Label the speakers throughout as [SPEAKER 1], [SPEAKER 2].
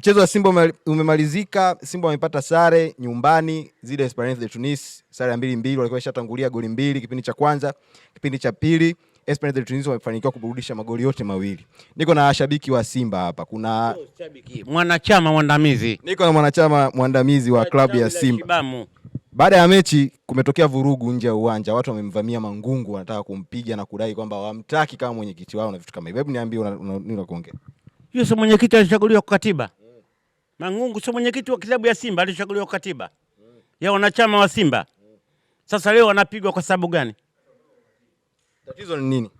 [SPEAKER 1] Mchezo wa Simba umemalizika, Simba wamepata sare nyumbani zile Esperance de Tunis, sare ya mbili mbili. Walikuwa washatangulia goli mbili kipindi cha kwanza, kipindi cha pili Esperance de Tunis wamefanikiwa kuburudisha magoli yote mawili. Niko na washabiki wa Simba hapa, kuna
[SPEAKER 2] mwanachama mwandamizi,
[SPEAKER 1] niko na mwanachama mwandamizi wa klabu ya Simba. Baada ya mechi kumetokea vurugu nje ya uwanja, watu wamemvamia Mangungu, wanataka kumpiga na kudai kwamba wamtaki kama mwenyekiti wao na vitu kama hivyo. Hebu niambie, unakuongea
[SPEAKER 2] hiyo, sio mwenyekiti alichaguliwa kwa katiba Mangungu sio mwenyekiti wa klabu ya Simba, alichaguliwa katiba ya wanachama wa Simba. Sasa leo wanapigwa kwa sababu gani?
[SPEAKER 1] Tatizo ni nini?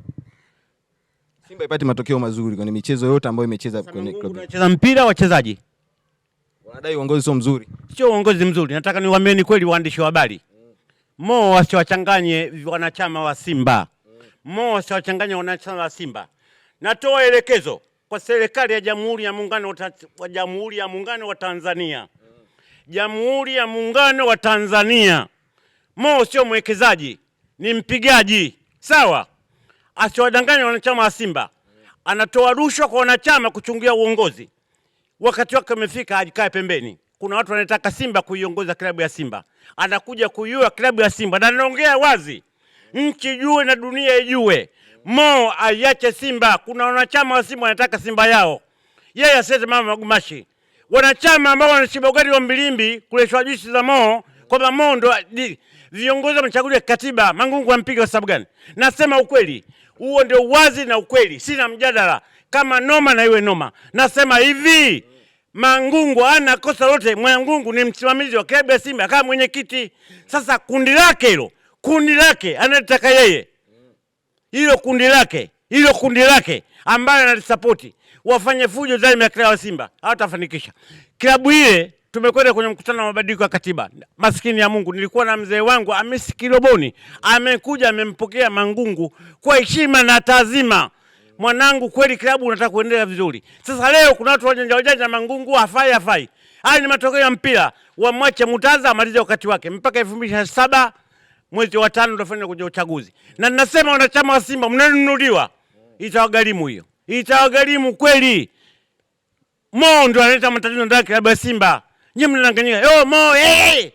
[SPEAKER 1] Simba ipati matokeo mazuri kwenye michezo yote ambayo imecheza
[SPEAKER 2] kwenye klabu. Wanacheza mpira wachezaji.
[SPEAKER 1] Wanadai uongozi sio mzuri.
[SPEAKER 2] Sio uongozi mzuri. Nataka niwaambieni kweli waandishi wa habari. Mo wasiwachanganye wanachama wa Simba. Mo wasiwachanganye wanachama wa Simba. Natoa elekezo kwa serikali ya Jamhuri ya Muungano wa Jamhuri ya Muungano wa Tanzania. Jamhuri ya Muungano wa Tanzania, Mo sio mwekezaji, ni mpigaji. Sawa, asiwadanganya wanachama wa Simba. Anatoa rushwa kwa wanachama kuchungia uongozi. Wakati wake umefika, ajikae pembeni. Kuna watu wanataka Simba kuiongoza klabu ya Simba, anakuja kuiua klabu ya Simba, na naongea wazi, nchi jue na dunia ijue. Mo aiache Simba. Kuna wanachama wa Simba wanataka Simba yao, yeye asete mama Magumashi. Wanachama ambao wanashiba ugali wa mbilimbi kuleshwa juisi za Mo kwamba Mo ndo viongozi wamechaguliwa katiba. Mangungu ampiga kwa sababu gani? Nasema ukweli, huo ndio uwazi na ukweli, sina mjadala. Kama noma na iwe noma. Nasema hivi Mangungu ana kosa lote. Mangungu ni msimamizi wa klabu ya Simba kama mwenyekiti. Sasa kundi lake hilo, kundi lake analitaka yeye hilo kundi lake hilo kundi lake ambayo analisapoti wafanye fujo ndani ya klabu ya Simba, hawatafanikisha klabu ile. Tumekwenda kwenye mkutano wa mabadiliko ya katiba, maskini ya Mungu, nilikuwa na mzee wangu Hamisi Kiloboni, amekuja amempokea Mangungu kwa heshima na taazima. Mwanangu, kweli klabu unataka kuendelea vizuri. Sasa leo kuna watu wajanja wajanja, Mangungu hafai hafai. Haya ni matokeo ya mpira, wamwache Mutaza amalize wakati wake mpaka elfu mbili na saba mwezi wa tano utafanya kwenye uchaguzi, na ninasema wanachama wa Simba mnanunuliwa, itawagharimu hiyo, itawagharimu kweli. Mo ndo analeta matatizo ndani ya klabu ya Simba. Nyinyi mnadanganyika. Mo eh,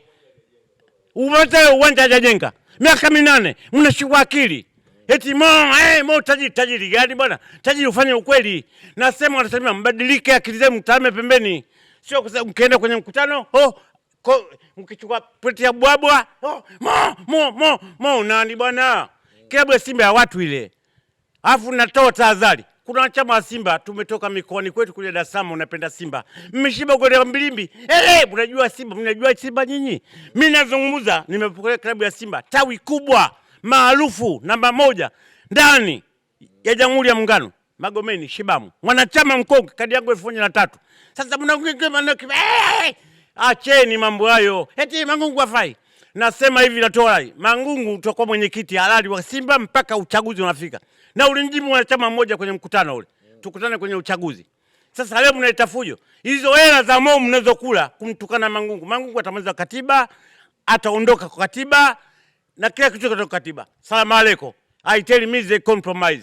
[SPEAKER 2] umata uwanja hajajenga miaka minane, mnashikwa akili eti Mo eh, Mo tajiri. Tajiri gani bwana? Tajiri ufanye ukweli. Nasema wanasema mbadilike, akili zenu mtame pembeni, sio kwa sababu mkienda kwenye mkutano oh, Ukichukua pwete ya bwabwa oh, mo, mo, mo, mo nani bwana mm. Klabu ya Simba ya watu ile, alafu natoa tahadhari kuna wanachama wa Simba tumetoka mikoani kwetu kuja Dar es Salaam, unapenda Simba, mmeshiba kwenda Mbilimbi. Eh, eh, mnajua Simba, mnajua Simba nyinyi. Mimi nazungumza, nimepokea klabu ya Simba tawi kubwa maarufu namba moja ndani ya Jamhuri ya Muungano, Magomeni Shibamu, mwanachama mkongwe, kadi yangu elfu moja na tatu. Sasa mnaongea Acheni mambo hayo, eti Mangungu afai Nasema hivi natoa Mangungu utakuwa mwenyekiti halali wa Simba mpaka uchaguzi unafika, na ulimjibu mwanachama mmoja kwenye mkutano ule, tukutane kwenye uchaguzi. Sasa leo mnaleta fujo hizo hela za mnazo kula kumtukana Mangungu. Mangungu atamaliza katiba, ataondoka kwa katiba na kila kitu kutoka katiba. Salamu aleikum. I tell me the compromise.